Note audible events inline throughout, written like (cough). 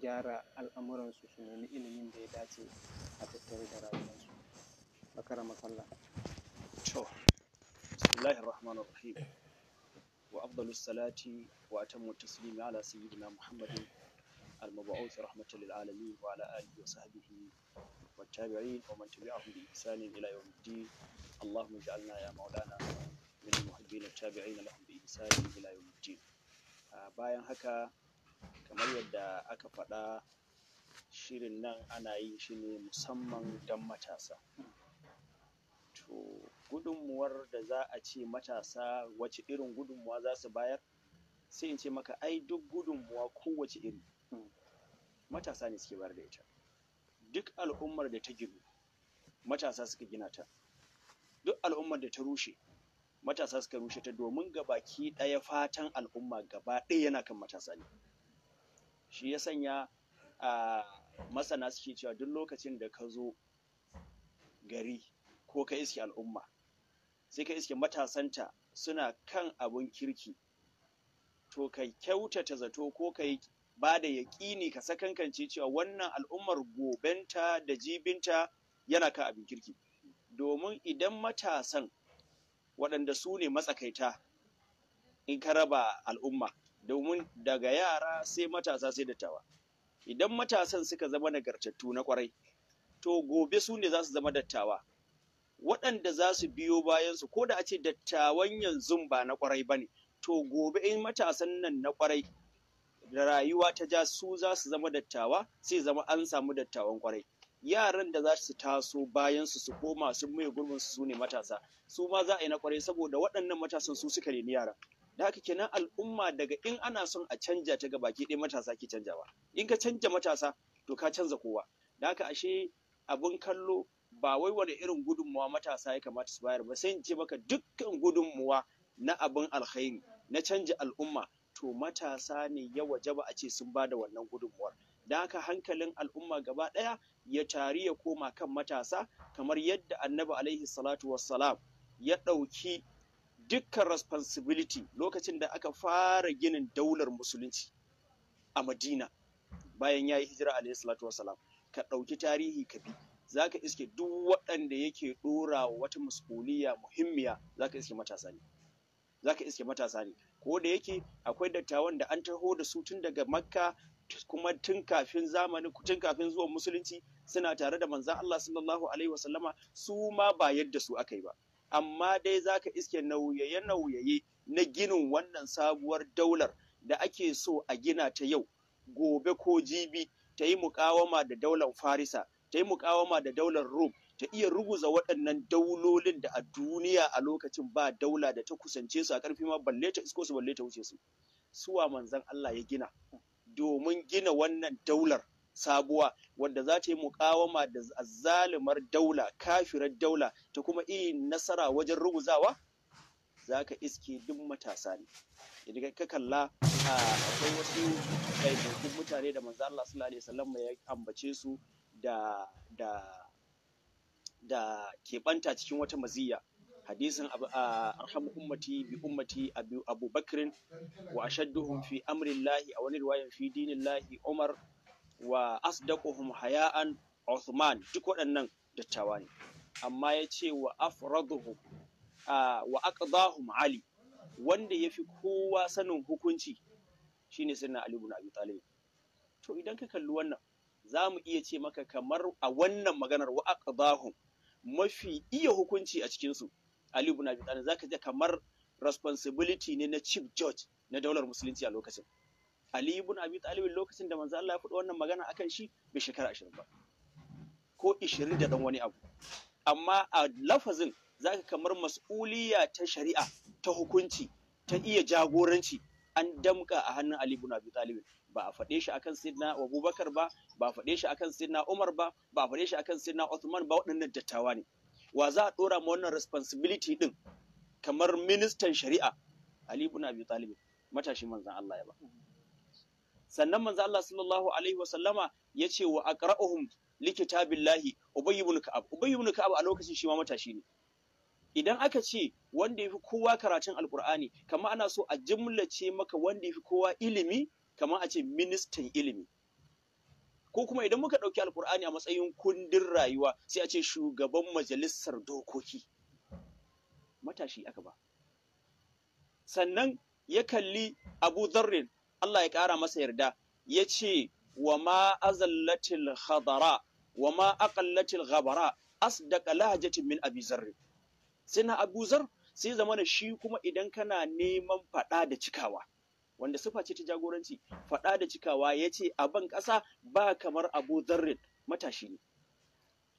gyara al'amuransu su nemi ilimin da ya dace a tattare da rayuwarsu bakara makalla to bismillahir rahmanir rahim wa afdalus salati wa atammu taslimi ala sayyidina muhammadin المبعوث رحمة للعالمين وعلى آله وصحبه والتابعين ومن تبعهم بإحسان إلى يوم الدين اللهم اجعلنا يا مولانا من المحبين التابعين لهم بإحسان إلى يوم الدين haka kamar yadda aka faɗa shirin nan ana yin shi ne musamman don matasa to gudunmuwar da za a ce matasa wace irin gudunmuwa za su bayar sai in ce maka ai duk gudunmuwa kowace iri matasa ne suke bayar da ita duk al'ummar da ta ginu matasa suka gina ta duk al'ummar da ta rushe matasa suka rushe ta domin gabaki ɗaya fatan al'umma gaba ɗaya yana kan matasa ne shi ya sanya a masana suke cewa duk lokacin da ka zo gari ko ka iske al'umma sai ka iske matasanta suna kan abun kirki to ka kyautata zato ko ka yi ba da yaƙini ka sakankance cewa wannan al'ummar gobenta da jibinta yana kan abin kirki domin idan matasan waɗanda su ne matsakaita in ka raba al'umma domin daga yara sai matasa sai dattawa idan matasan suka zama nagartattu na kwarai to gobe su ne za su zama dattawa waɗanda za su biyo bayansu ko da a ce dattawan yanzu ba na kwarai ba ne to gobe in matasan nan na kwarai da rayuwa ta ja su za su zama dattawa sai zama an samu dattawan kwarai yaran da za su taso bayan su koma sun mai gurbin su ne matasa su ma za a yi na kwarai saboda waɗannan matasan su suka reni yaran da haka kenan al'umma daga in ana son a canja ta baki ɗaya matasa ke canjawa in ka canja matasa to ka canza kowa da haka ashe abin kallo ba wai wani irin gudunmuwa matasa ya kamata su bayar ba sai in ce maka dukkan gudunmuwa na abin alkhairi na canja al'umma to matasa ne ya wajaba a ce sun ba da wannan gudunmuwar da haka hankalin al'umma gaba ɗaya ya tari ya koma kan matasa kamar yadda annabi alaihi salatu wassalam ya ɗauki dukkan responsibility lokacin da aka fara ginin daular musulunci a madina bayan ya yi hijira alayhi salatu wasalam ka ɗauki tarihi ka bi za ka iske duk waɗanda yake ɗora wata mas'uliya muhimmiya za ka iske matasa ne za ka iske matasa ne ko da yake akwai dattawan da an taho da su tun daga makka kuma tun kafin zamani tun kafin zuwan musulunci suna tare da manzan Allah sallallahu alaihi wasallama su ma ba yadda su aka yi ba amma dai za ka iske nauyaye-nauyaye na ginin wannan sabuwar daular da ake so a gina ta yau gobe ko jibi ta yi mukawama da daular farisa ta yi mukawama da daular Rome, ta iya ruguza waɗannan daulolin da a duniya a lokacin ba daula da ta kusance su a ƙarfi ma balle ta isko su balle ta wuce su suwa manzan Allah ya gina domin gina wannan daular sabuwa wadda za ta yi mukawama da zalimar daula kafirar daula ta kuma iya nasara wajen ruguzawa za ka iske duk matasa ne idan ka kalla akwai wasu ɗaiɗaikun mutane da manzo Allah sallallahu alaihi wasallam ya ambace su da da da cikin wata maziya. hadisin arhamu ummati bi ummati abu bakrin wa ashadduhum fi amrillahi a wani riwayan fi dinillahi umar wa asdaquhum haya'an Uthman duk waɗannan dattawa ne amma ya ce wa afraduhum wa aqdahum Ali wanda yafi kowa sanin hukunci shine sirna Ali ibn Abi Talib to idan ka kalli wannan za mu iya ce maka kamar a wannan maganar wa aqdahum mafi iya hukunci a cikinsu Ali ibn Abi Talib zaka je kamar responsibility ne na chief judge na daular musulunci a lokacin Ali ibn Abi Talib lokacin da manzo Allah ya faɗi wannan magana akan shi bai shekara 20 ba ko 20 da dan wani abu amma a lafazin zaka kamar mas'uliyya ta shari'a ta hukunci ta iya jagoranci an damka a hannun Ali ibn Abi Talib ba a faɗe shi akan Sayyidina Bakar ba ba a faɗe shi akan Sayyidina Umar ba ba a faɗe shi akan Sayyidina Uthman ba waɗannan dattawa ne wa za a dora ma wannan responsibility ɗin kamar ministan shari'a Ali ibn Abi Talib matashi manzon Allah ya ba sannan manzo Allah sallallahu alaihi wa sallama yace wa aqra'uhum li kitabillahi ubay ibn ka'ab ubay ibn ka'ab a lokacin shi ma matashi ne idan aka ce wanda yafi kowa karatun alqur'ani kamar ana so a jimlace maka wanda yafi kowa ilimi kamar a ce ministan ilimi ko kuma idan muka ɗauki alkur'ani a matsayin kundin rayuwa sai a ce shugaban majalisar dokoki matashi aka ba sannan ya kalli abu zarrin Allah ya ƙara masa yarda ya ce wa ma azallatil khadara wa ma aqallatil ghabara asdaqa lahajatin min abi zarr sai na abu zar sai zama da shi kuma idan kana neman faɗa da cikawa wanda sifa ce ta jagoranci faɗa da cikawa ya ce a ban ƙasa ba kamar abu matashi ne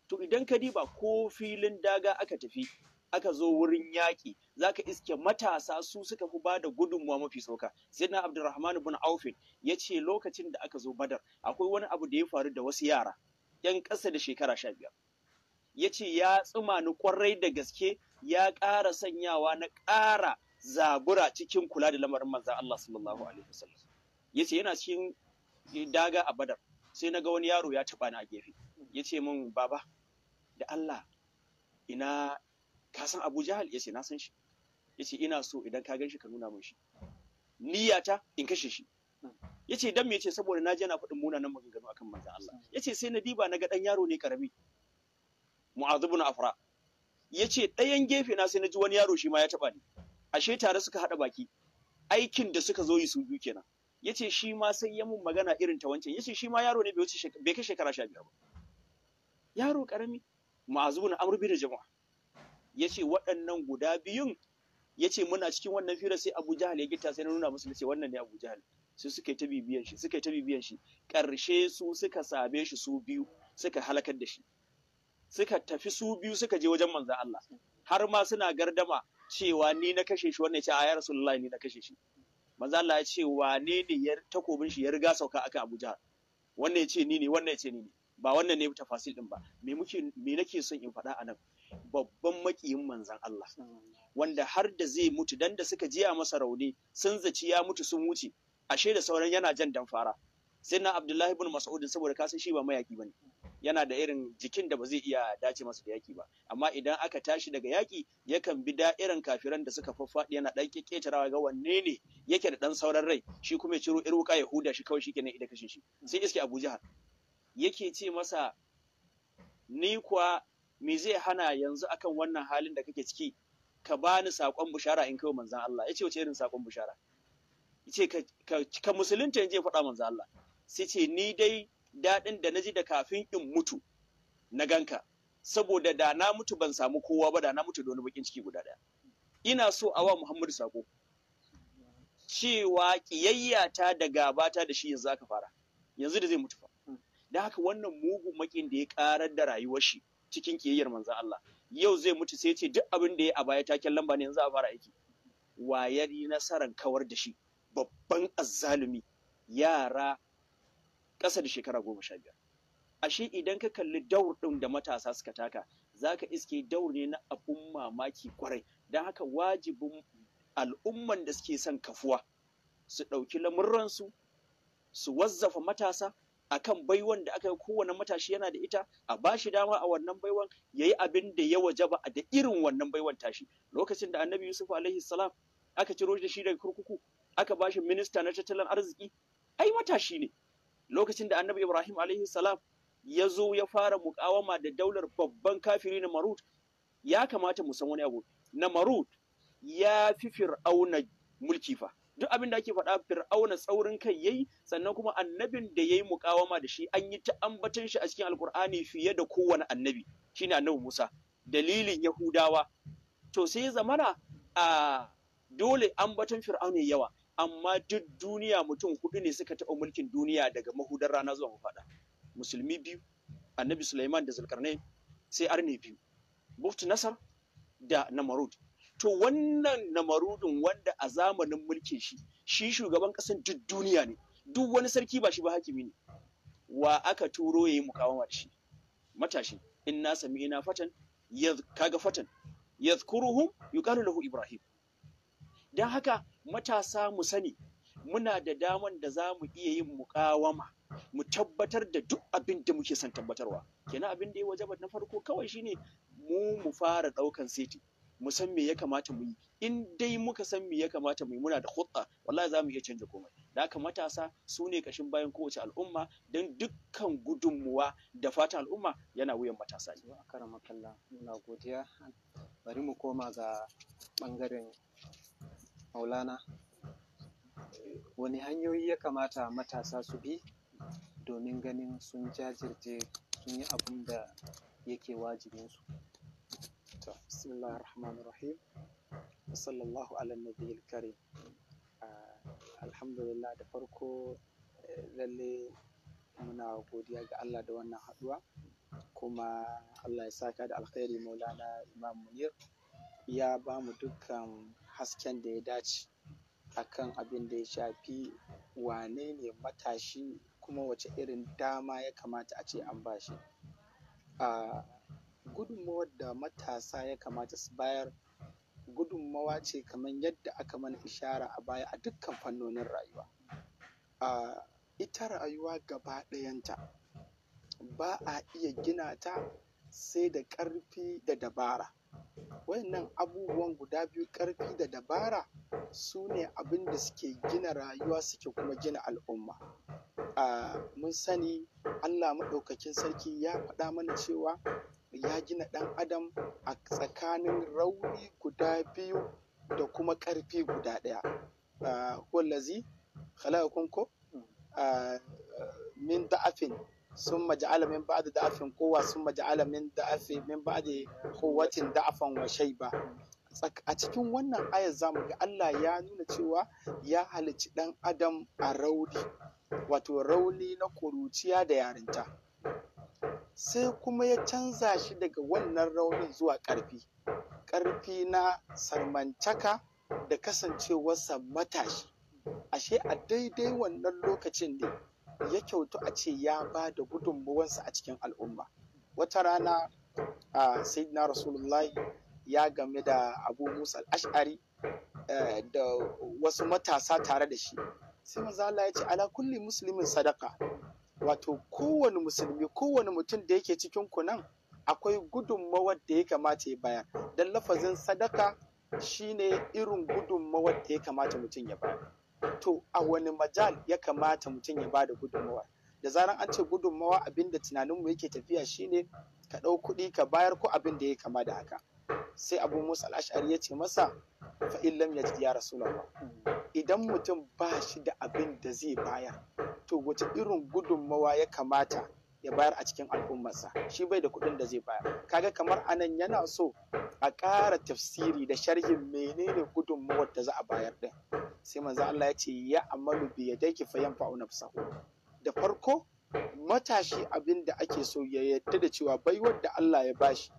to idan ka diba ko filin daga aka tafi aka zo wurin yaƙi zaka iske matasa su suka fi ba da gudunmuwa mafi sauka sayyidina abdurrahman bin aufin ya ce lokacin da aka zo badar akwai wani abu da ya faru da wasu yara yan ƙasa da shekara sha biyar ya ce ya tsuma ni kwarai da gaske ya ƙara sanyawa na ƙara zabura cikin kula da lamarin manzan Allah sallallahu alaihi wasallam ya ce yana cikin daga a badar sai na ga wani yaro ya taɓa ni a gefe ya ce min baba da Allah ina ka san Abu Jahal yace na san shi yace ina so idan ka ganshi ka nuna min shi niyyata in kashe shi yace dan me yace saboda naji yana faɗin munanan maganganu akan manzon Allah yace sai na diba na ga dan yaro ne karami Mu'adh ibn Afra yace ɗayan gefe na sai na ji wani yaro shi ma ya taba ni ashe tare suka hada baki aikin da suka zo yi su biyu kenan yace shi ma sai ya mun magana irin ta wancan yace shi ma yaro ne bai wuce bai kai shekara 15 ba yaro karami Mu'adh na Amr da Jama'a ya ce waɗannan guda biyun ya ce muna cikin wannan fira sai abu jahal ya gita sai na nuna musu ce wannan ne abu jahal su suka yi ta bibiyan shi suka yi ta bibiyan shi ƙarshe su suka same shi su biyu suka halakar da shi suka tafi su biyu suka je wajen manzan Allah har ma suna gardama cewa ni na kashe shi wannan ce a ya rasulullahi ni na kashe shi manzan Allah ya ce wane ne ya takobin shi ya riga sauka aka Abu Jahal wannan ya ce ni ne wannan ya ce ni ne ba wannan ne tafasil din ba me muke me nake son in faɗa anan babban makiyin manzan Allah wanda har da zai mutu dan da suka jiya masa rauni sun zaci ya mutu sun wuce ashe da sauran yana jan damfara sai na Abdullahi ibn Mas'ud saboda kasan shi ba mayaki bane yana da irin jikin da ba zai iya dace masa da yaki ba amma idan aka tashi daga yaki yakan bi da'irin kafiran da suka faffaɗi yana ɗan ketarawa ga wanne ne yake da ɗan sauran rai shi kuma ya ciro irwuka ya huda shi kawai nan idan kashe shi sai iske Abuja yake ce masa ni kuwa me zai hana yanzu akan wannan halin da kake ciki ka bani saƙon bushara in kai manzan Allah Ya ce wace irin saƙon bushara ce ka ka musulunta je faɗa manzan Allah sai ce ni dai daɗin da na ji da kafin in mutu na ganka saboda da na mutu ban samu kowa ba da na mutu da wani bakin ciki guda ɗaya ina so a wa Muhammadu saƙo cewa ƙiyayyata da gabata da shi yanzu aka fara yanzu da zai mutu fa hmm. da haka wannan mugun makin da ya ƙarar da rayuwar shi cikin kiyayyar manzan Allah yau zai mutu sai ce duk abin da ya a baya taken lamba ne yanzu a fara aiki yi nasarar kawar da shi babban azzalumi yara ƙasa da shekara goma sha biyar ashe idan ka kalli daur ɗin da matasa suka taka Za ka iske daur ne na abun mamaki kwarai don haka wajibin al'umman da suke son kafuwa su ɗauki lamurransu su wazzafa matasa akan baiwan da aka yi kowane matashi yana da ita a ba shi dama a wannan baiwan ya yi abin da ya wajaba a da irin wannan baiwan tashi lokacin da annabi yusuf alaihi salam aka ciro da shi daga kurkuku aka ba shi minista na tattalin arziki ai matashi ne lokacin da annabi ibrahim alaihi salam ya zo ya fara mukawama da daular babban kafiri na marut ya kamata mu san wani abu na marut ya fi fir'auna mulki fa duk abin da ake faɗa fir'auna tsaurin kai yayi sannan kuma annabin da yayi mukawama da shi an yi ta ambaton shi a cikin alkur'ani fiye da kowane annabi shine annabi Musa dalilin Yahudawa to sai zamana a dole ambaton fir'auna yawa amma duk duniya mutum hudu ne suka taɓa mulkin duniya daga mahudar rana zuwa mafaɗa musulmi biyu annabi Sulaiman da Zulkarnain sai arne biyu Buft Nasar da Namarud to wannan namarudin wanda a zamanin mulkin shi shi shugaban ƙasan duk duniya ne duk wani sarki ba shi ba hakimi ne wa aka turo yayi mukawama da shi matashi in na sami ina fatan kaga fatan yadhkuruhum yuqalu lahu ibrahim dan haka matasa mu sani muna da daman da za mu iya yin mukawama mu tabbatar da duk abin da muke son tabbatarwa kenan abin da ya ba na farko kawai shine mu mu fara daukan seti mu san me ya kamata mu yi in dai muka san me ya kamata mu yi muna da hutsa wallahi za mu iya canja komai da haka matasa su ne kashin bayan kowace al'umma don dukkan gudunmuwa da fatan al'umma yana wuyan matasa ne. a makalla muna godiya bari mu koma ga bangaren maulana wani hanyoyi ya kamata matasa su bi domin ganin sun jajirce sun yi abun da yake wajibinsu. su to bismillah rahman rahim sallallahu ala nabiyil karim lilah da farko lalle muna godiya ga Allah da wannan haduwa kuma Allah ya saka da alkhairi maulana imam munir ya bamu dukkan hasken da ya dace akan abin da ya shafi wane ne matashi kuma wace irin dama ya kamata a ce an bashi a ah, gudunmawar da matasa ya kamata su bayar gudunmawa ce kamar yadda aka mana ishara a baya a dukkan fannonin rayuwa. A ita rayuwa gaba ɗayanta ba a iya gina ta sai da ƙarfi da dabara. Wayannan abubuwan guda biyu ƙarfi da dabara su ne abin da suke gina rayuwa suke kuma gina al'umma. mun sani Allah maɗaukakin sarki ya faɗa mana cewa ya gina ɗan adam a tsakanin rauni guda biyu da kuma ƙarfi guda ɗaya ah, wallazi khalaqakum ko ah, min da'afin sun maja'ala min da da'afin kowa sun maja'ala min da'afi min da kowacin da'afan wa ba a cikin wannan ayar mu ga Allah ya nuna cewa ya halicci ɗan adam a rauni wato rauni na kuruciya da yarinta sai kuma ya canza shi daga wannan raunin zuwa ƙarfi ƙarfi na sarmancaka da kasancewarsa matashi ashe a daidai wannan lokacin ne ya kyautu a ce ya ba da gudunmuwansa a cikin al'umma wata rana a sayyidina rasulullahi ya game da abu musa al'ashari eh, da wasu matasa tare da shi sai maza Allah ya ce ala kulli musulmin sadaka wato kowane musulmi kowane mutum da yake cikin ku nan akwai gudunmawar da ya kamata ya bayar don lafazin sadaka shine irin gudunmawar da ya kamata mutum ya bayar to a wani majal ya kamata mutum ya bada gudunmawa da zaran an ce gudunmawa abinda tunaninmu yake tafiya shine ka ɗau kuɗi ka bayar ko abin da ya kama da haka sai abu musa al'ashari ya ce masa fa'in lam ya ya rasulallah idan mutum ba shi da abin da zai bayar to wace irin gudunmawa ya kamata ya bayar a cikin al'ummarsa shi bai da kuɗin da zai bayar kaga kamar anan yana so a ƙara tafsiri da sharhin menene gudunmawar da za a bayar din sai manzo Allah ya ce ya amalu bi yadayki fa yanfa'u nafsahu da farko matashi abin da ake so ya yadda da cewa baiwar da Allah ya bashi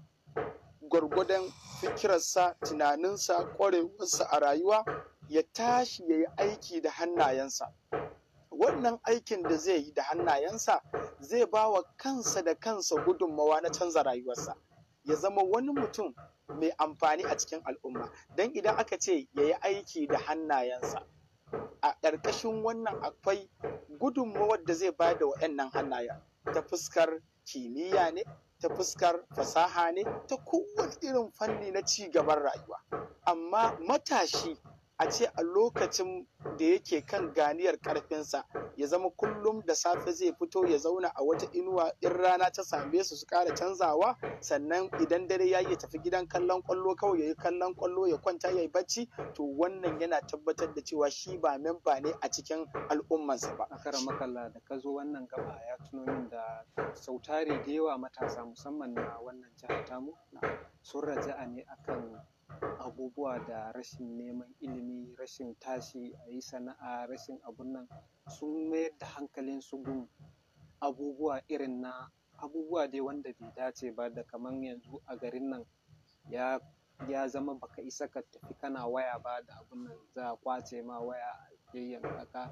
gwargwadon fikirarsa tunaninsa ƙwarewarsa a rayuwa ya tashi ya yi aiki da hannayensa wannan aikin da zai yi da hannayensa zai ba wa kansa da kansa gudunmawa na canza rayuwarsa ya zama wani mutum mai amfani a cikin al'umma don idan aka ce ya yi aiki da hannayensa a ƙarƙashin wannan akwai gudunmawar da zai ba da wa'annan hannayen ta fuskar kimiyya ne ta fuskar fasaha ne ta kowane irin fanni na ci gaban rayuwa amma matashi a ce a lokacin da yake kan ganiyar karfinsa ya zama kullum da safe zai fito ya zauna a wata inuwa in rana ta same su su ƙara canzawa sannan idan dare ya yi tafi gidan kallon kwallo kawai ya yi kallon kwallo ya kwanta ya yi bacci to wannan yana tabbatar da cewa shi ba memba ne a cikin al'ummansa ba. a kara makalla da ka zo wannan gaba ya tuno min da sautari da yawa matasa musamman na wannan jihar tamu sun raja'a ne akan abubuwa da rashin neman ilimi, rashin tashi a yi sana'a, rashin abun nan sun mayar da hankalinsu gun abubuwa irin na abubuwa dai wanda bai dace ba da kaman yanzu a garin nan ya, ya zama baka isa ka tafi kana waya ba da abun nan za a ƙwace ma waya. yayyanka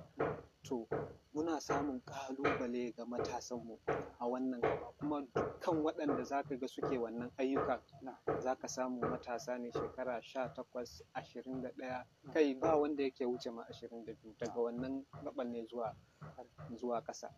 to muna samun kalubale ga matasanmu a wannan gaba kuma dukkan waɗanda za ka ga suke wannan ayyuka za ka samu matasa ne shekara sha takwas ashirin da ɗaya kai ba wanda yake wuce ma ashirin da biyu daga wannan gaban ne zuwa zuwa ƙasa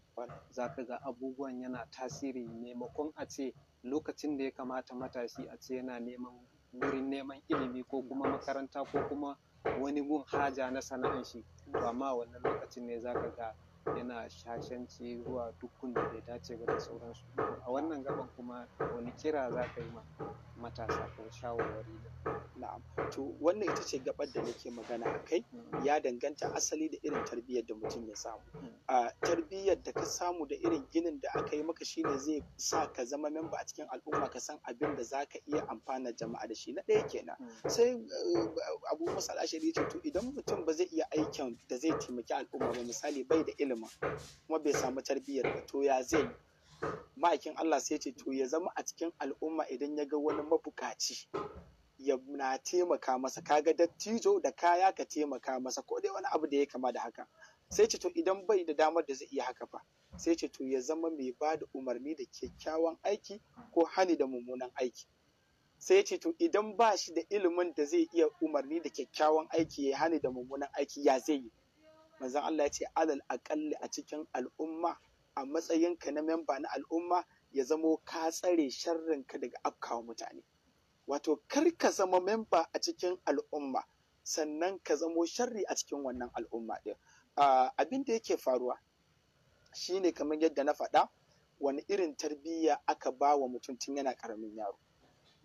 za ka ga abubuwan yana tasiri maimakon a ce lokacin da ya kamata matashi a ce yana neman wurin neman ilimi ko kuma makaranta ko kuma wani gun haja na sana'an shi to amma a wannan lokacin ne zaka ga yana shashanci zuwa duk da bai dace ba da sauransu a wannan gaban kuma wani kira zaka yi ma matasa ko shawarwari na'am to wannan ita ce gabar da nake magana a kai mm. ya danganta asali da irin tarbiyyar da mutum ya samu mm. a tarbiyyar da ka samu da irin ginin da aka yi maka shine zai sa ka zama memba a cikin al'umma ka san abin da zaka iya amfana jama'a da shi na ɗaya kenan mm. sai eh, abu musa ya ce to idan mutum ba zai iya aikin da zai taimaki al'umma ba misali bai da ilimin kuma bai samu tarbiyyar ba to ya zai ma'aikin Allah sai ce to ya zama a cikin al'umma idan ya ga wani mabukaci ya na taimaka masa ka ga dattijo da kaya ka taimaka masa ko dai wani abu da ya kama da haka sai ce to idan bai da damar da zai iya haka fa sai ce to ya zama mai ba da umarni da kyakkyawan aiki ko hani da mummunan aiki sai ce to idan ba shi da ilimin da zai iya umarni da kyakkyawan aiki ya hani da mummunan aiki ya zai yi manzon Allah ya ce alal aqalli a cikin al'umma a matsayinka na memba na al'umma ya zamo ka tsare sharrinka daga afkawa mutane wato kar ka zama memba a cikin al'umma sannan ka zamo sharri a cikin wannan al'umma ɗin abin da yake faruwa shine kamar yadda na faɗa wani irin tarbiyya aka ba wa mutum tun yana ƙaramin yaro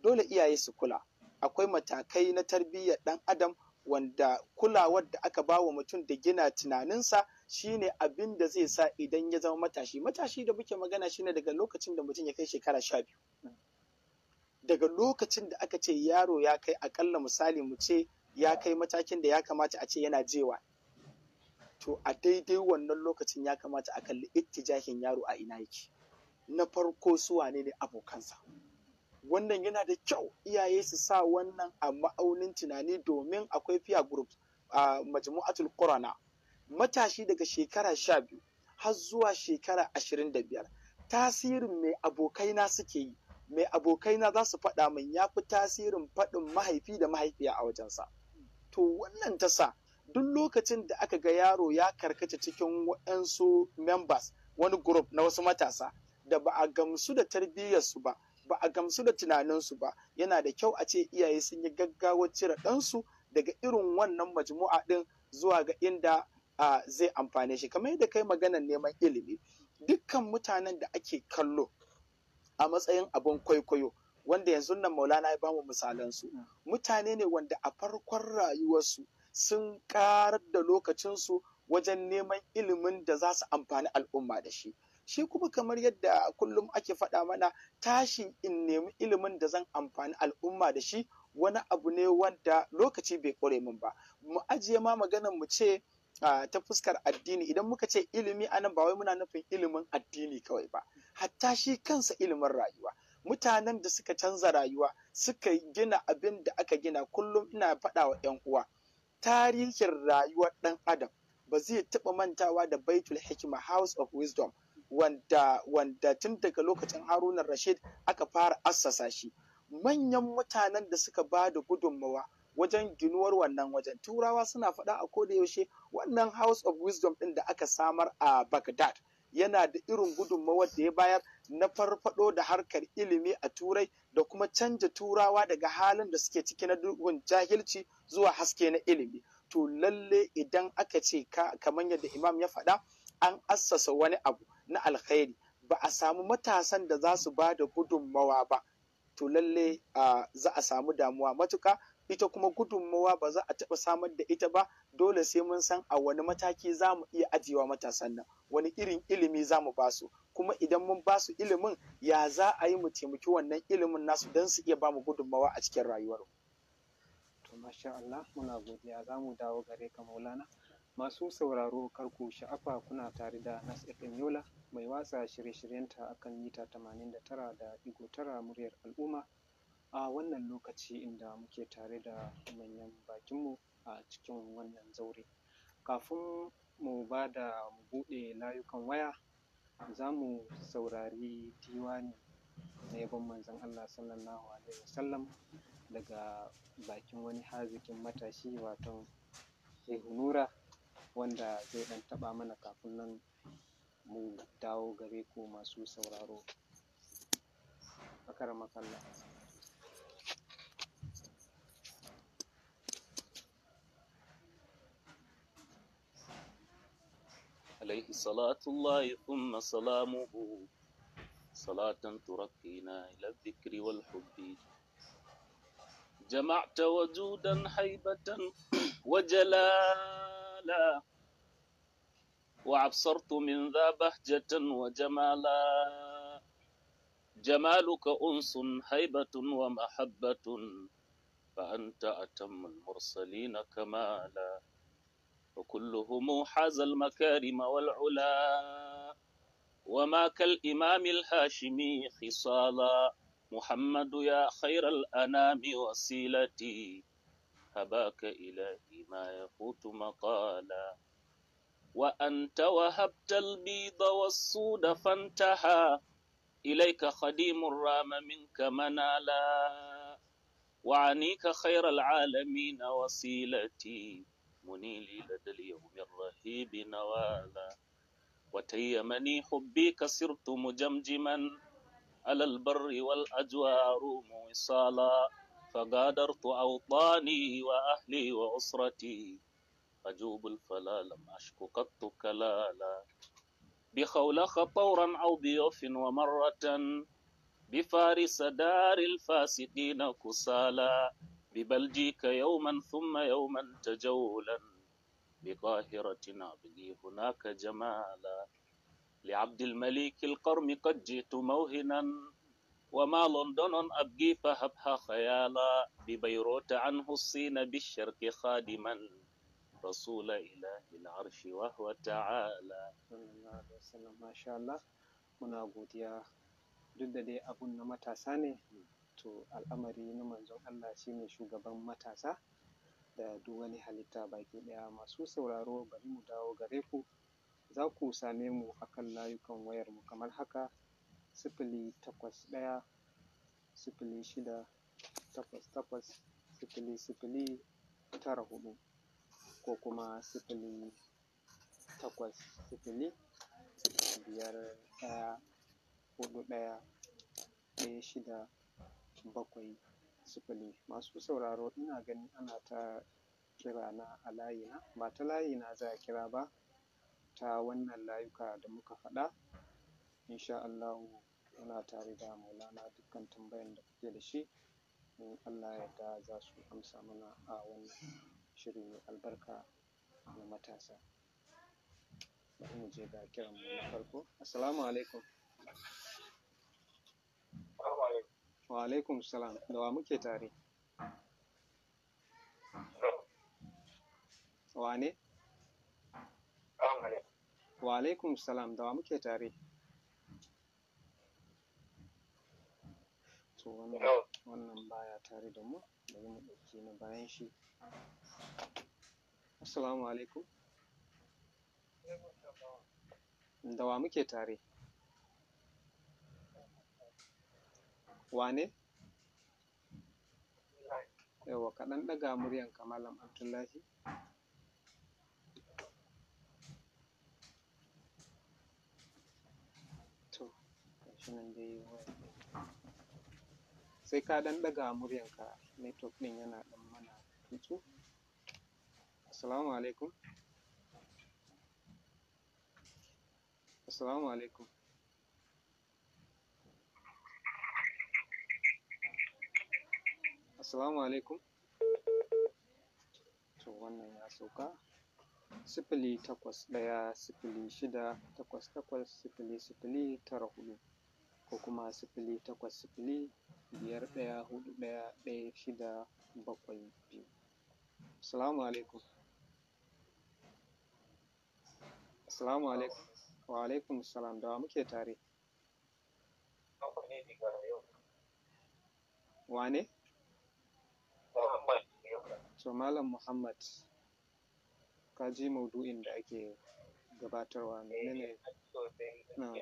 dole iyaye su kula akwai matakai na tarbiyyar ɗan adam wanda kulawar da aka ba wa mutum da gina tunaninsa shine abin da zai sa idan ya zama matashi matashi da muke magana shine daga lokacin da mutum ya kai shekara sha biyu daga lokacin da aka ce yaro ya kai akalla misali mu ce ya kai matakin da ya kamata a ce yana jewa to a daidai wannan lokacin ya kamata a kalli ittijahin yaro a ina yake na farko su wane ne abokansa wannan yana da kyau iyaye su sa wannan a ma'aunin tunani domin akwai fiya group a majmu'atul qurana matashi daga shekara sha biyu har zuwa shekara ashirin da biyar tasirin mai abokaina suke yi mai abokaina za su faɗa min ya fi tasirin faɗin mahaifi da mahaifiya a wajensa to wannan ta sa duk lokacin da aka ga yaro ya karkata cikin waɗansu members wani group na wasu matasa da ba a gamsu da tarbiyyarsu ba ba a gamsu da tunaninsu ba yana da kyau a ce iyaye sun yi gaggawar cire ɗansu daga irin wannan majmu'a ɗin zuwa ga inda uh, zai amfane shi kamar yadda kai maganar neman ilimi dukkan mutanen da ake kallo a matsayin abin kwaikwayo wanda yanzu nan maulana ya bamu misalansu mm. mutane ne wanda a farkon rayuwarsu sun karar da lokacinsu wajen neman ilimin da za su amfani al'umma da shi shi kuma kamar yadda kullum ake faɗa mana tashi in nemi ilimin da zan amfani al'umma da shi wani abu ne wanda lokaci bai ƙure min ba mu ajiye ma maganar mu ce ta fuskar addini idan muka ce ilimi anan ba wai muna nufin ilimin addini kawai ba hatta shi kansa ilimin rayuwa mutanen da suka canza rayuwa suka gina abin da aka gina kullum ina faɗa wa 'yan uwa tarihin rayuwar ɗan adam ba zai taɓa mantawa da baitul hikima house of wisdom wanda wanda tun daga lokacin harunan rashid aka fara assasa shi manyan mutanen da suka ba da gudunmawa wajen ginuwar wannan wajen turawa suna faɗa a koda yaushe wannan house of wisdom ɗin da aka samar a baghdad yana da irin gudunmawar da ya bayar na farfado da harkar ilimi a turai da kuma canja turawa daga halin da suke ciki na dugun jahilci zuwa haske na ilimi to lalle idan aka ce kamar yadda imam ya faɗa an assasa wani abu na alkhairi ba a samu matasan da za su ba da gudunmawa ba to lalle ah, za a samu damuwa matuka ita kuma gudunmawa ba za a taɓa samar da ita ba dole sai mun san a wani mataki za mu iya ajiyewa matasan nan wani irin ilimi za mu basu kuma idan mun basu ilimin ya za a yi mu taimaki wannan ilimin nasu don su iya ba mu gudunmawa a cikin rayuwar to masha muna godiya za mu dawo gare ka maulana masu sauraro karku sha'afa kuna tare da nas fm yola mai watsa shirye-shiryenta akan mita 89 da digo tara muryar al'umma a wannan lokaci inda muke tare da manyan mu a cikin wannan zaure. Kafin mu ba da mu buɗe layukan waya, za mu saurari diwani na yabon manzon Allah Sallallahu Alaihi Wasallam daga bakin wani haziƙin matashi waton Shehu Nura wanda zai ɗan taɓa mana kafin nan mu dawo gare ku masu sauraro. Akaramakallah. عليه صلاة الله ثم سلامه صلاة ترقينا إلى الذكر والحب جمعت وجودا هيبة (clears throat) وجلالا وأبصرت من ذا بهجة وجمالا جمالك أنس هيبة ومحبة فأنت أتم المرسلين كمالا وكلهم حاز المكارم والعلا وما كالإمام الهاشمي خصالا محمد يا خير الأنام وسيلتي هباك إلهي ما يفوت مقالا وأنت وهبت البيض والصود فانتهى إليك خديم الرام منك منالا وعنيك خير العالمين وسيلتي منيلي لدى اليوم الرهيب نوالا وتيمني حبي صرت مجمجما على البر والأجوار موصالا فغادرت أوطاني وأهلي وأسرتي أجوب الفلا لم أشك قط كلالا بخولخ طورا أو بيوف ومرة بفارس دار الفاسقين كسالا ببلجيك يوما ثم يوما تجولا بقاهرة عبدي هناك جمالا لعبد المليك القرم قد جئت موهنا وما لندن أبقي فهبها خيالا ببيروت عنه الصين بالشرق خادما رسول إله العرش وهو تعالى صلى الله عليه وسلم ما شاء الله muna godiya duk da dai abun na matasa ne wato al'amari na Manzon Allah shi ne shugaban matasa da duk wani halitta baki ɗaya. Masu sauraro bari mu dawo gare ku, za ku same mu a kan layukan mu kamar haka: sifili takwas ɗaya, sifili shida, takwas takwas, sifili sifili tara huɗu ko kuma sifili takwas sifili biyar ɗaya huɗu ɗaya ɗaya shida. bakwai sifili. Masu sauraro ina ganin ana ta kira na a layina, ba ta layina za a kira ba, ta wannan layuka da muka faɗa. Insha Allahu muna tare da Maulana dukkan tambayan da kuke da shi. In Allah ya yarda za su amsa mana a wannan shiri mai albarka na matasa. Bari mu je ga kiran mu na farko. Assalamu alaikum. Wa alaikum salam. Da wa muke tare? Wa ne? Wa alaikum salam. Da wa muke tare? To wannan baya tare da mu, da yi ɗauki na bayan shi. Assalamu alaikum. Da wa muke tare? Wane? Yauwa kaɗan ɗaga muryanka Malam Abdullahi. To, gashi nan dai Sai ka ɗan ɗaga muryanka network ɗin yana ɗan mana tutsu. Assalamu alaikum. Assalamu alaikum. Assalamu alaikum. To wannan ya sauka. Sifili takwas ɗaya sifili shida takwas takwas sifili sifili tara hudu ko kuma sifili takwas sifili biyar ɗaya hudu ɗaya ɗaya shida bakwai biyu. Assalamu alaikum. Assalamu alaikum. Wa alaikum salam da muke tare. Wane? To Malam Muhammad, ka ji maudu'in da ake gabatarwa mene eh, ne?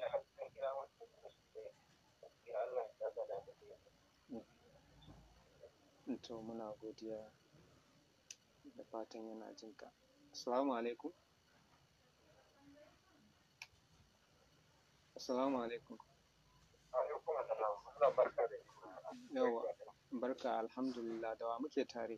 Mm. To muna godiya da fatan yana jinka. Assalamu alaikum. Assalamu alaikum. Alaikum assalam. Barka da Yawa, barka alhamdulillah dawa muke tare.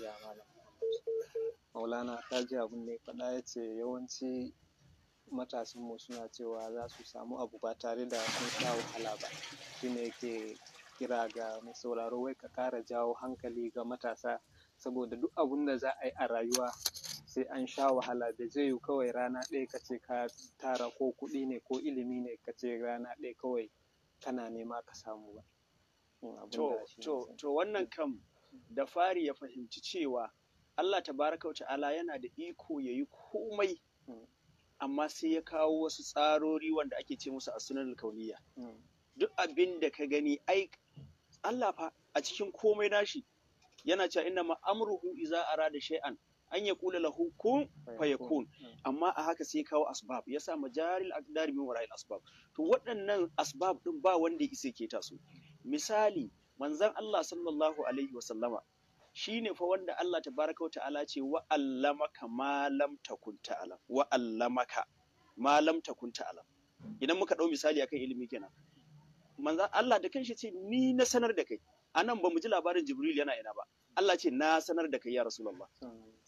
gaskiya malam maulana ta ji abin da ya faɗa yace ce yawanci matasanmu suna cewa zasu samu abu ba tare da sun sha wahala ba shine ke kira ga mai sauraro wai ka ƙara jawo hankali ga matasa saboda duk abun da za a yi a rayuwa sai an sha wahala da zai yiwu kawai rana ɗaya ka ce ka tara ko kuɗi ne ko ilimi ne ka ce rana ɗaya kawai kana nema ka samu ba to to to wannan kam da fari ya fahimci cewa Allah tabaraka wa ta'ala yana da iko ya yi komai hmm. amma sai ya kawo wasu tsarori wanda ake ce musu a sunan kauniya hmm. duk abin da ka gani ai Allah fa a cikin komai nashi yana cewa inna ma amruhu iza da shay'an an ya kula lahu kun fayakun hmm. amma a haka sai ya kawo asbab ya sa majaril aqdar min wara'il asbab to waɗannan asbab ɗin ba wanda ya isa ke taso misali manzon Allah sallallahu alaihi wasallama shi ne fa wanda Allah tabaraka wa ta'ala ce wa'allamaka malam takun ta'alam wa'allamaka malam takun ta'alam idan muka ɗau misali akan ilimi kenan manzan Allah da kanshi ce ni na sanar da kai anan ba mu ji labarin Jibril yana ina ba Allah ce na sanar da kai ya Rasulullah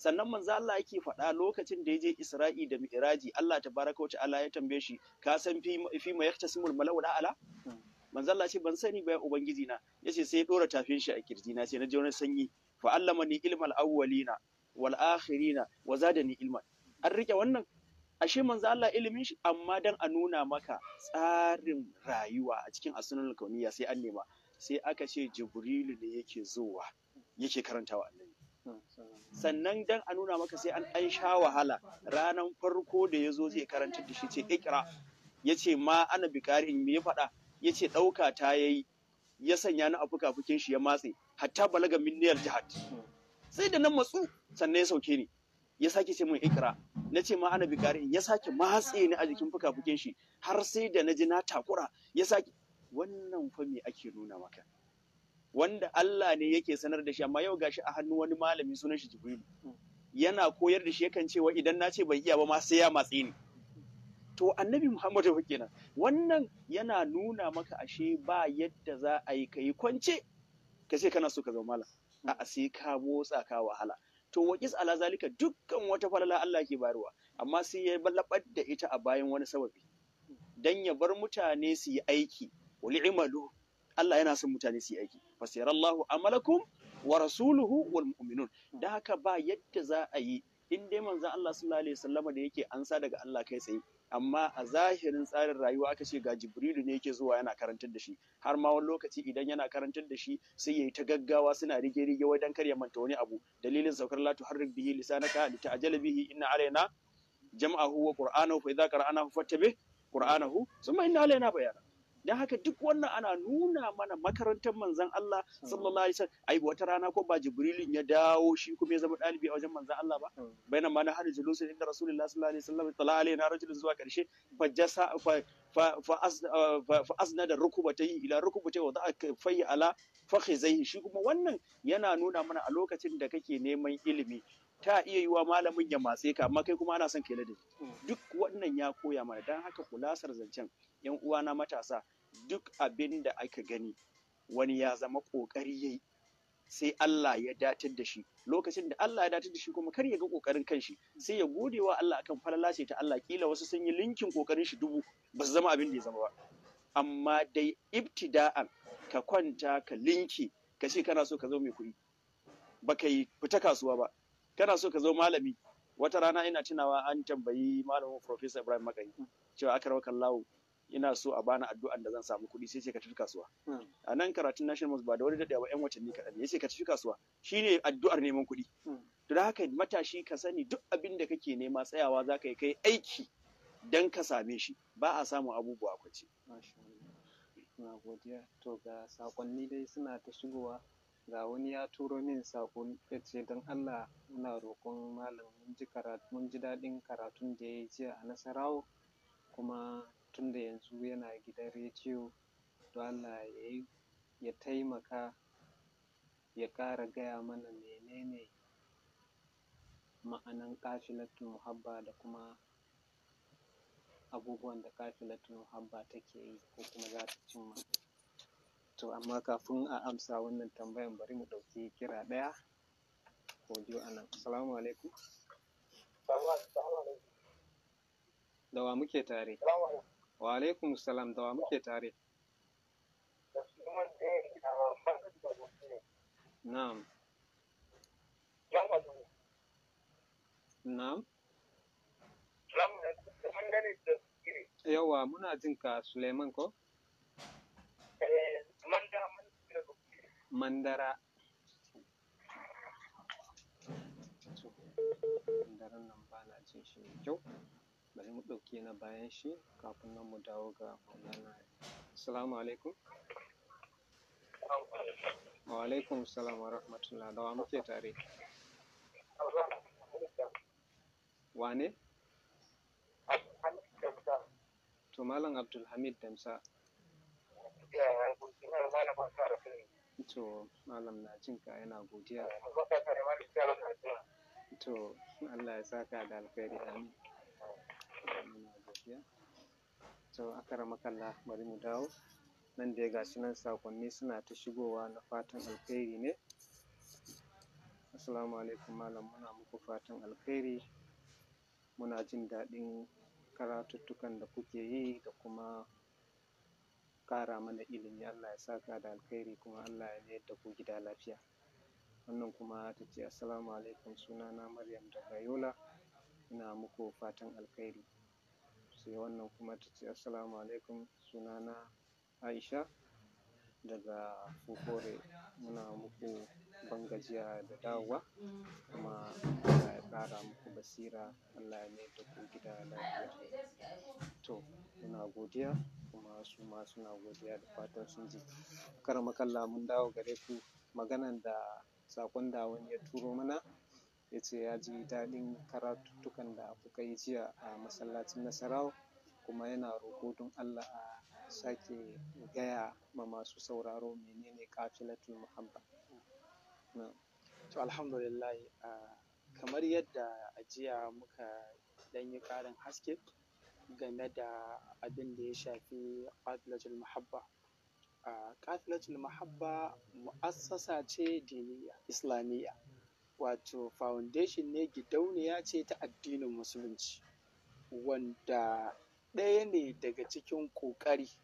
sannan manzo Allah yake faɗa lokacin da ya je Isra'i da Mi'raji Allah tabaraka wa ta'ala ya tambaye shi ka san fi fi ma yaktasimul mala'u ala manzo Allah ce ban sani ba ubangiji na yace sai ya dora tafin shi a kirji na sai na ji wani sanyi fa ni ilmal awwalina wal akhirina wa zadani ilma an rike wannan ashe manzo Allah ilimin shi amma dan a nuna maka tsarin rayuwa a cikin asunan kauniya sai an nema sai aka ce jibrilu ne yake zowa yake karantawa annabi sannan dan a nuna maka sai an an sha wahala ranan farko da ya zo zai karantar da shi ce ikra ya ce ma ana bikarin me ya faɗa ya ce ɗauka ta ya yi ya sanya ni a fukafukin shi ya matse hatta balaga minniyar jihad sai da nan matsu sannan ya sauke ni ya sake ce min ikra na ce ma ana bikarihin ya sake matse ni a jikin fukafukin shi har sai da na ji na takura ya sake wannan fa me ake nuna maka wanda Allah ne yake sanar da shi amma yau gashi a hannu wani malami sunan shi Jibrilu yana koyar da shi yakan cewa idan na ce ban iya ba ma sai ya matse ni to annabi Muhammadu fa kenan wannan yana nuna maka ashe ba yadda za a yi kai kwance ka ce kana so ka zama malam a'a sai ka motsa ka wahala to waƙis ala zalika dukkan wata falala Allah ke bayarwa amma sai ya labar da ita a bayan wani sababi dan ya bar mutane su yi aiki wal imalu Allah yana son mutane su yi aiki fasirallahu amalakum wa rasuluhu wal mu'minun da haka ba yadda za a yi in dai manzon Allah sallallahu alaihi wasallama da yake ansa daga Allah kai tsaye amma a zahirin tsarin rayuwa aka ce ga jibrilu ne yake zuwa yana karantar da shi har ma wani lokaci idan yana karantar da shi sai yayi ta gaggawa suna rige rige wajen kar ya manta wani abu dalilin saukar la tuharrik bihi lisanaka li ta'jala bihi inna alaina jam'ahu wa qur'anahu fa idza qara'nahu fattabi qur'anahu thumma inna alaina bayana don haka duk wannan ana nuna mana makarantar manzan Allah hmm. sallallahu alaihi wasallam ai wata rana ko ba jibrilin ya dawo shi kuma ya zama dalibi a wajen manzan Allah ba hmm. bayan ma na hadu julusin inda rasulullahi sallallahu alaihi wasallam tala alai na rajulun zuwa karshe fa jasa fa uh, asna da rukubatai ila rukubatai wa za fayi ala fakhizai shi kuma wannan yana nuna mana a lokacin da kake neman ilimi ta iya yiwa malamin ya matse ka amma kai kuma ana son kai ladabi mm. duk wannan ya koya mana dan haka kulasar zancen yan uwana matasa duk abin da aka gani wani ya zama kokari yayi sai Allah ya datar da shi lokacin da Allah ya datar da shi kuma kar ya ga kokarin kanshi sai ya gode wa Allah akan falala ce ta Allah kila wasu sun yi linkin kokarin shi dubu ba su zama abin da ya zama ba amma dai ibtida'an ka kwanta ka linki ka ce kana so ka zo mai kuɗi baka yi fita kasuwa ba kana so ka zo malami wata rana ina tunawa an tambayi malamin professor Ibrahim Makai cewa aka rawa kallawo ina so a bani addu'an da zan samu kuɗi sai ce ka tafi kasuwa hmm. a nan karatun national mosque ba da wani daɗewa yan watanni kaɗan ya ce ka tafi kasuwa shine addu'ar neman kuɗi hmm. to da haka matashi ka sani duk abin da kake nema tsayawa za ka yi kai aiki dan ka same shi ba a samu abubuwa kwace. Na godiya to ga sakonni dai suna ta shigowa ga wani ya turo min saƙo ya ce don Allah muna roƙon malam mun ji daɗin karatun da ya yi jiya a Nasarawa kuma tun da yanzu yana gidan rediyo don Allah ya taimaka ya ƙara gaya mana menene ma'anan ƙafilatul muhabba da kuma abubuwan da ƙafilatul muhabba take yi ko kuma za ta cimma. To amma kafin a amsa wannan tambayan bari mu ɗauki kira ɗaya. Kojo a nan. Assalamu alaikum. Dawa muke tare. Wa alaikum salam dawa muke tare. Na'am. Na'am. Yawa muna jin ka Suleiman ko? Eh mandara mandara nan ba na jin shi mai kyau bari mu ɗauke na bayan shi kafin nan mu dawo ga maulana assalamu alaikum wa alaikum salam wa rahmatullah da wa muke tare wane to malam abdulhamid damsa To, malam na jin ka yana godiya. To, Allah ya saka da alkhairi amin. Muna godiya. To, akara bari mu dawo. Nan da ya gashi nan sakonni suna ta shigowa na fatan alkhairi ne. Assalamu alaikum malam muna muku fatan alkhairi. Muna jin daɗin karatuttukan da kuke yi da kuma ƙara mana ilimi. Allah ya saka da alkhairi kuma Allah ya mayar da ku gida lafiya. Wannan kuma ta ce Assalamu alaikum suna na Maryam daga Yola. Ina muku fatan alkhairi. Sai wannan kuma ta ce Assalamu alaikum suna na Aisha daga Fufore. Muna muku ban gajiya da dawowa kuma Allah ya ƙara muku basira. Allah ya mayar da ku gida lafiya. To, muna godiya. kuma su ma suna godiya da fatan sun ji karamakalla mun dawo gare ku maganan da saƙon da wani ya turo mana ya ce ya ji daɗin karatuttukan da kuka yi jiya a masallacin nasarawa kuma yana roƙo don allah a sake gaya ma masu sauraro menene kafilatul muhabba to alhamdulillah kamar yadda a jiya muka ɗan yi ƙarin haske game da abin da ya shafi ƙafilatul muhabba ƙafilatul muhabba mu'assasa ce diniya islamiyya wato foundation ne gidauniya ce ta addinin musulunci wanda ɗaya ne daga cikin ƙoƙari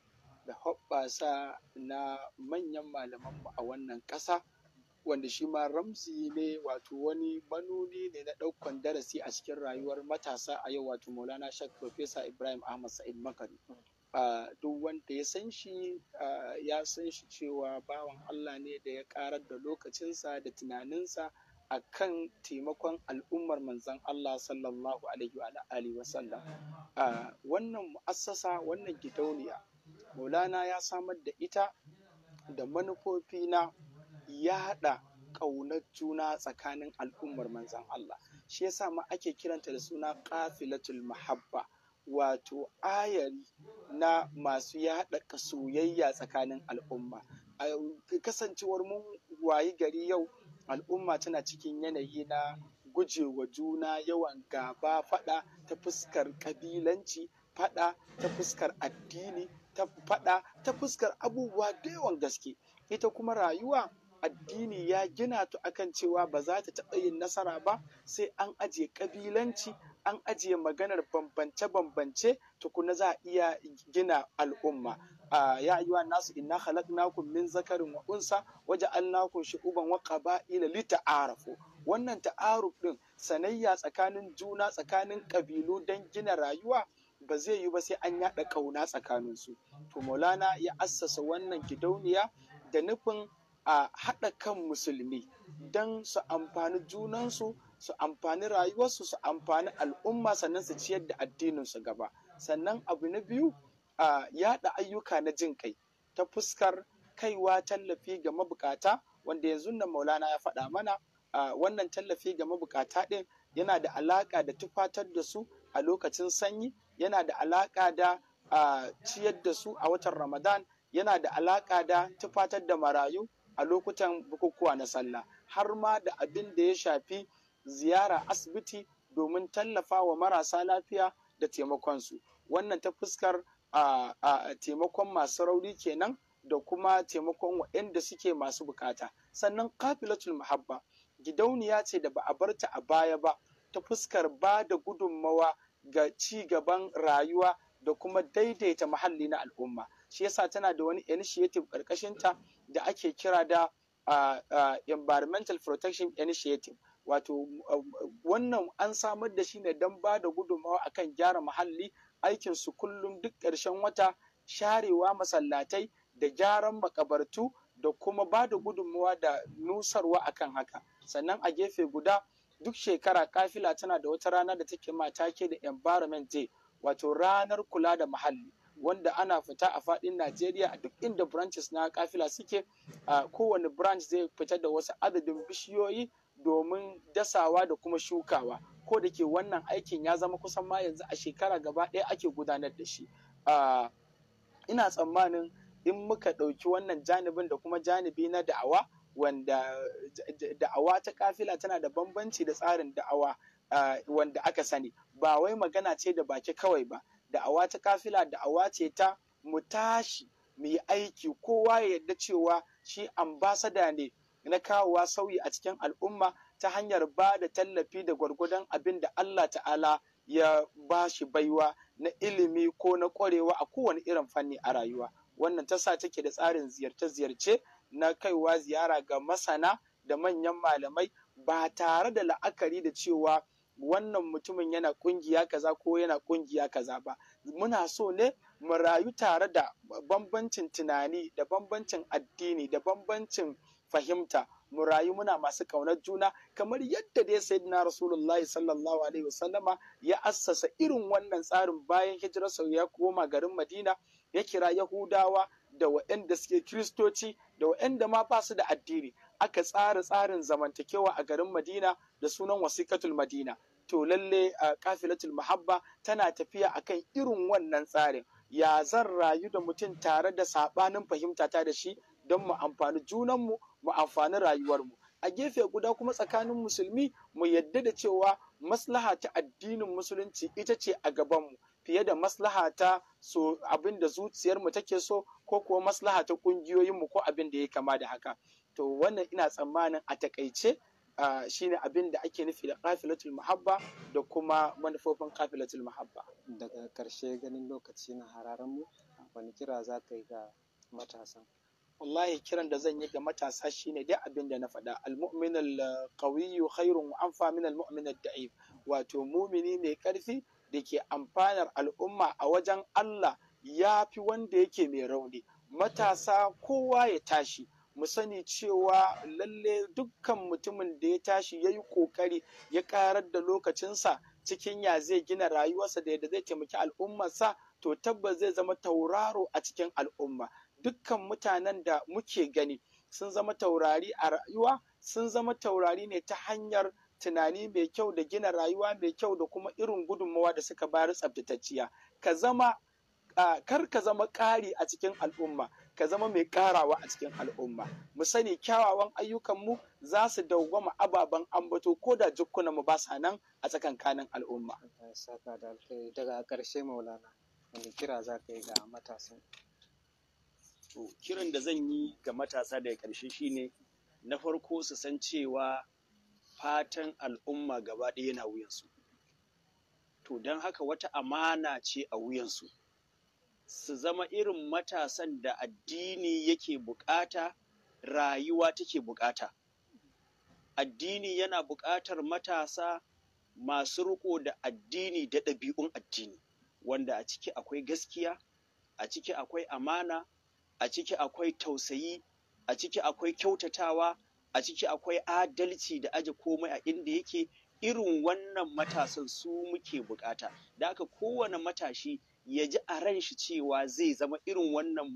da hoɓɓasa na manyan malamanmu a wannan ƙasa wanda shi ma ramzi ne wato wani manuni ne na ɗaukan darasi a cikin rayuwar matasa a yau wato maulana shak profesa ibrahim ahmad sa'id makari duk wanda ya san shi ya san shi cewa bawan allah ne da ya karar da lokacinsa da tunaninsa a kan taimakon al'ummar manzan allah sallallahu alaihi wa sallam wannan mu'assasa wannan gidauniya maulana ya samar da ita da manufofi na ya ƙaunar juna tsakanin al'ummar manzan Allah shi yasa ma ake kiranta da suna ƙafilatul mahabba wato ayari na masu yaɗa soyayya tsakanin al'umma A kasancewar mun wayi gari yau al'umma tana cikin yanayi na gujewa juna yawan gaba faɗa ta fuskar ƙabilanci faɗa ta fuskar addini ta faɗa ta fuskar abubuwa da yawan gaske ita kuma rayuwa addini ya gina ta akan cewa ba za ta taɓa yin nasara ba sai an ajiye ƙabilanci an ajiye maganar bambance-bambance tukuna za a iya gina al'umma ya yi wa nasu inna nakun min zakarin wa unsa waja'alnakum shu'uban wa li lita'arafu wannan ta'aruf din sanayya tsakanin juna tsakanin kabilu don gina rayuwa ba zai yi ba sai an yaɗa ƙauna tsakaninsu. To Maulana ya assasa wannan gidauniya da nufin a haɗa kan musulmi don su amfani junansu su amfani rayuwarsu su amfani al'umma sannan su ciyar da addininsu gaba sannan abu na biyu a yaɗa ayyuka na jin kai ta fuskar kaiwa tallafi ga mabukata wanda yanzu nan maulana ya faɗa mana wannan tallafi ga mabukata ɗin yana da alaƙa da tufatar da su a lokacin sanyi yana da alaƙa da ciyar da su a watan ramadan yana da alaƙa da tufatar da marayu a lokutan bukukuwa na sallah har ma da abin da ya shafi ziyara asibiti domin tallafa wa marasa lafiya da taimakonsu wannan ta fuskar a taimakon masu rauni kenan da kuma taimakon waɗanda suke masu bukata sannan kafilatul muhabba gidauniya ce da ba a barta a baya ba ta fuskar ba da gudunmawa ga ci gaban rayuwa da kuma daidaita muhalli na al'umma shi yasa tana da wani initiative ƙarƙashinta da ake kira da environmental protection initiative wato wannan an samar da shi ne don ba da gudunmawa akan gyara muhalli aikin su kullum duk ƙarshen wata sharewa masallatai da gyaran makabartu da kuma ba da gudunmawa da nusarwa akan haka sannan a gefe guda duk shekara kafila tana da wata rana da take matake da environment day wato ranar kula da muhalli wanda ana fita a fadin Najeriya a duk inda branches na kafila suke a kowane branch zai fita da wasu adadin bishiyoyi domin dasawa da kuma shukawa ko da ke wannan aikin ya zama kusan ma yanzu a shekara gaba ɗaya ake gudanar da shi ina tsammanin in muka ɗauki wannan janibin da kuma janibi na da'awa wanda da'awa ta kafila tana da bambanci da tsarin da'awa wanda aka sani ba wai magana ce da baki kawai ba da'awa ta kafila da'awa ce ta mu tashi mu yi aiki kowa ya yarda cewa shi ambasada ne na kawowa sauyi a cikin al'umma ta hanyar ba da tallafi da gwargwadon abin da Allah ta'ala ya ba shi baiwa na ilimi ko na ƙwarewa a kowane irin fanni a rayuwa wannan ta sa take da tsarin ziyarce-ziyarce na kaiwa ziyara ga masana da manyan malamai ba tare da la'akari da cewa wannan mutumin yana kungiya kaza ko yana kungiya kaza ba muna so ne mu rayu tare da bambancin tunani da bambancin addini da bambancin fahimta mu rayu muna masu ƙaunar juna kamar yadda dai sayyidina rasulullahi sallallahu alaihi wasallama ya assasa irin wannan tsarin bayan sau ya koma garin madina ya kira yahudawa da waɗanda suke kiristoci da waɗanda ma ba su da addini aka tsara tsarin zamantakewa a garin Madina da sunan wasikatul Madina. To lalle a kafilatul muhabba tana tafiya akan irin wannan tsarin. Ya zan rayu da mutum tare da saɓanin fahimta ta da shi don mu amfani junanmu mu amfani rayuwarmu. A gefe guda kuma tsakanin musulmi mu yadda da cewa maslaha ta addinin musulunci ita ce a gabanmu fiye da maslaha ta so abin da zuciyarmu take so ko kuwa maslaha ta ƙungiyoyinmu ko abin da ya kama da haka. to wannan ina tsammanin a takaice Uh, shine abin da ake nufi da kafilatul muhabba da kuma manufofin kafilatul muhabba daga karshe ganin lokaci na hararen mu wani kira za ka yi ga matasan wallahi kiran da zan yi ga matasa shine dai abin da na faɗa al-mu'minul uh, qawiyyu khairun anfa min al muminid daif wato mumini mai ƙarfi da ke amfanar al'umma a wajen Allah ya fi wanda yake mai rauni matasa kowa ya tashi mu sani cewa lalle dukkan mutumin da ya tashi ya yi ƙoƙari ya ƙarar da lokacinsa cikin ya zai gina rayuwarsa da yadda zai taimaki al'ummarsa to tabbas zai zama tauraro a cikin al'umma dukkan mutanen da muke gani sun zama taurari a rayuwa sun zama taurari ne ta hanyar tunani mai kyau da gina rayuwa mai kyau da kuma irin gudunmawa da suka bayar tsabtatacciya ka zama kar ka zama ƙari a cikin al'umma ka zama mai ƙarawa a cikin al'umma mu sani kyawawan ayyukanmu za su dawwama ababen ambato ko da jukkuna mu ba sa nan a tsakankanin al'umma saka da daga ƙarshe maulana wani kira za ka yi ga matasa, to kiran da zan yi ga matasa daga ƙarshe shine na farko su san cewa fatan al'umma gaba ɗaya yana wuyansu to don haka wata amana ce a wuyansu su zama irin matasan da addini yake bukata rayuwa take bukata addini yana bukatar matasa masu riko da addini da ɗabi'un addini wanda a ciki akwai gaskiya a ciki akwai amana a ciki akwai tausayi a ciki akwai kyautatawa a ciki akwai adalci da aje komai a inda yake irin wannan matasan su muke bukata da aka kowane matashi ya ji a ran shi cewa zai zama irin wannan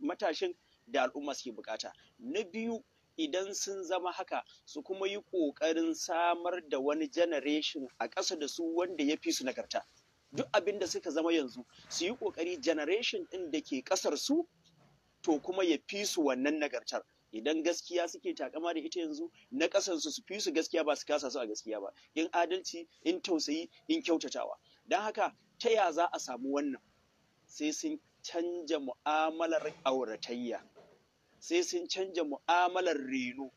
matashin da al'umma suke bukata na biyu idan sun zama haka su kuma yi ƙoƙarin samar da wani generation a ƙasa da su wanda ya fi su nagarta duk abin da suka zama yanzu su yi ƙoƙari generation ɗin da ke ƙasar su to kuma ya fi su wannan nagartar idan gaskiya suke takama da ita yanzu na ƙasar su su fi su gaskiya ba su kasa su a gaskiya ba in adalci in tausayi in kyautatawa don haka ta ya za a samu wannan sai sun canja mu'amalar auratayya sai sun canja mu'amalar reno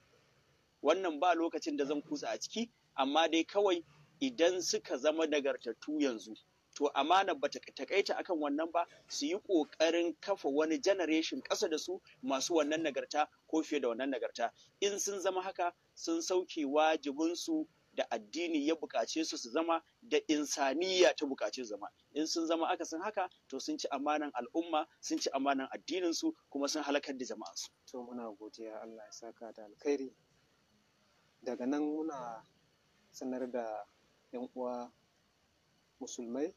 wannan ba lokacin da zan kusa a ciki amma dai kawai idan suka zama nagartattu yanzu to amana ba ta kaita akan wannan ba su yi ƙoƙarin kafa wani generation ƙasa da su masu wannan nagarta ko fiye da wannan nagarta in sun zama haka sun sauke wajibinsu da addini ya bukace su su zama da insaniya ta bukace zama in sun zama aka sun haka to sun ci amanan al'umma sun ci amanan addinin su kuma sun halakar da jama'a su to muna godiya Allah ya saka da alkhairi daga nan muna sanar da yan uwa musulmai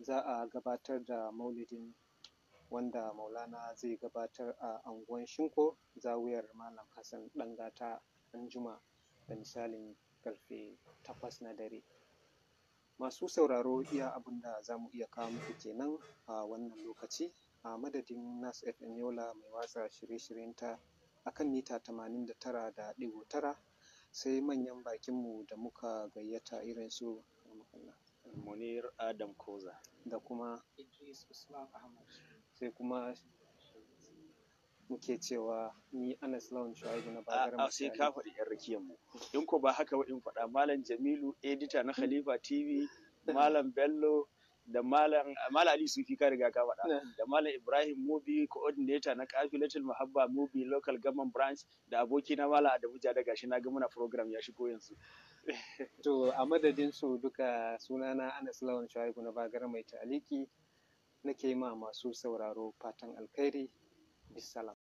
za a gabatar da maulidin wanda maulana zai gabatar a anguwan shinko zawiyar malam hassan dangata anjuma da misalin ƙarfe takwas na dare. Masu sauraro iya abin da za mu iya kawo muku kenan a wannan lokaci a madadin Nas FM Yola mai watsa shirye-shiryenta a kan mita tamanin da tara da ɗigo tara sai manyan bakinmu da muka gayyata irin su Munir Adam Koza da kuma Idris Usman Ahmad sai kuma muke cewa ni Anas Lawan Shuaibu na Bagara A sai ka faɗi yan rakiyar mu. In ko ba haka ba in faɗa Malam Jamilu edita na Khalifa TV, Malam Bello da Malam Ali Sufi ka riga ka faɗa (laughs) da Malam Ibrahim Mobi coordinator na Kafilatul Muhabba Mobi local government branch da aboki na Malam Adamu Jada gashi na ga muna program ya shigo yanzu. (laughs) To a madadin su duka sunana Anas Lawan Shuaibu na bagar mai taliki nake ma masu sauraro fatan alkhairi Bissalam.